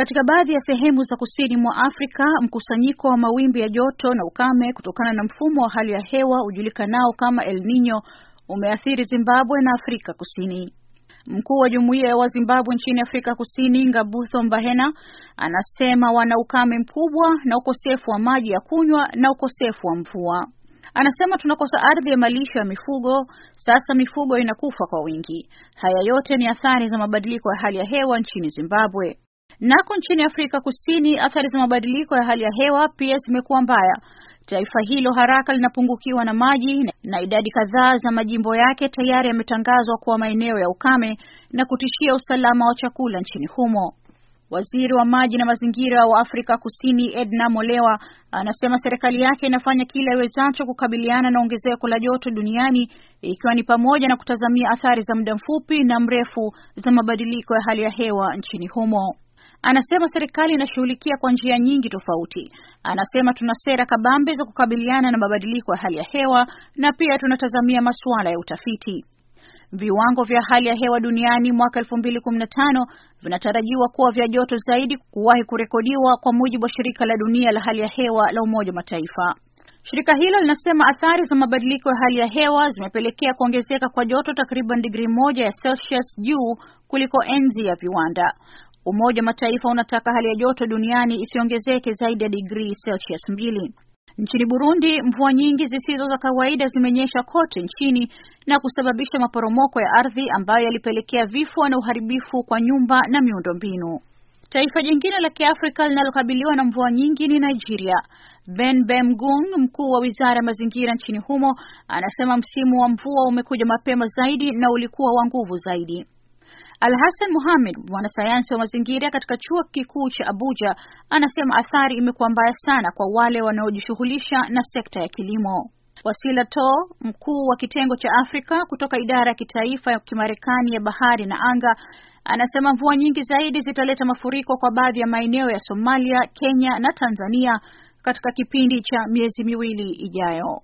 Katika baadhi ya sehemu za kusini mwa Afrika, mkusanyiko wa mawimbi ya joto na ukame kutokana na mfumo wa hali ya hewa ujulikanao kama El Nino umeathiri Zimbabwe na Afrika Kusini. Mkuu wa jumuiya ya Wazimbabwe nchini Afrika Kusini, Ngabutho Mbahena, anasema wana ukame mkubwa na ukosefu wa maji ya kunywa na ukosefu wa mvua. Anasema tunakosa ardhi ya malisho ya mifugo, sasa mifugo inakufa kwa wingi. Haya yote ni athari za mabadiliko ya hali ya hewa nchini Zimbabwe. Nako nchini Afrika Kusini, athari za mabadiliko ya hali ya hewa pia zimekuwa mbaya. Taifa hilo haraka linapungukiwa na maji na idadi kadhaa za majimbo yake tayari yametangazwa kuwa maeneo ya ukame na kutishia usalama wa chakula nchini humo. Waziri wa maji na mazingira wa Afrika Kusini Edna Molewa anasema serikali yake inafanya kila iwezacho kukabiliana na ongezeko la joto duniani ikiwa ni pamoja na kutazamia athari za muda mfupi na mrefu za mabadiliko ya hali ya hewa nchini humo. Anasema serikali inashughulikia kwa njia nyingi tofauti. Anasema tuna sera kabambe za kukabiliana na mabadiliko ya hali ya hewa na pia tunatazamia masuala ya utafiti. Viwango vya hali ya hewa duniani mwaka 2015 vinatarajiwa kuwa vya joto zaidi kuwahi kurekodiwa kwa mujibu wa shirika la dunia la hali ya hewa la Umoja Mataifa. Shirika hilo linasema athari za mabadiliko ya hali ya hewa zimepelekea kuongezeka kwa joto takriban digrii moja ya Celsius juu kuliko enzi ya viwanda. Umoja wa Mataifa unataka hali ya joto duniani isiongezeke zaidi ya digrii Celsius mbili. Nchini Burundi, mvua nyingi zisizo za kawaida zimenyesha kote nchini na kusababisha maporomoko ya ardhi ambayo yalipelekea vifo na uharibifu kwa nyumba na miundombinu. Taifa jingine la Kiafrika linalokabiliwa na mvua nyingi ni Nigeria. Ben Bemgung, mkuu wa Wizara ya Mazingira nchini humo, anasema msimu wa mvua umekuja mapema zaidi na ulikuwa wa nguvu zaidi. Al Hassan Muhammad, mwanasayansi wa mazingira katika chuo kikuu cha Abuja, anasema athari imekuwa mbaya sana kwa wale wanaojishughulisha na sekta ya kilimo. Wasila To, mkuu wa kitengo cha Afrika kutoka idara ya kitaifa ya Kimarekani ya bahari na anga, anasema mvua nyingi zaidi zitaleta mafuriko kwa baadhi ya maeneo ya Somalia, Kenya na Tanzania katika kipindi cha miezi miwili ijayo.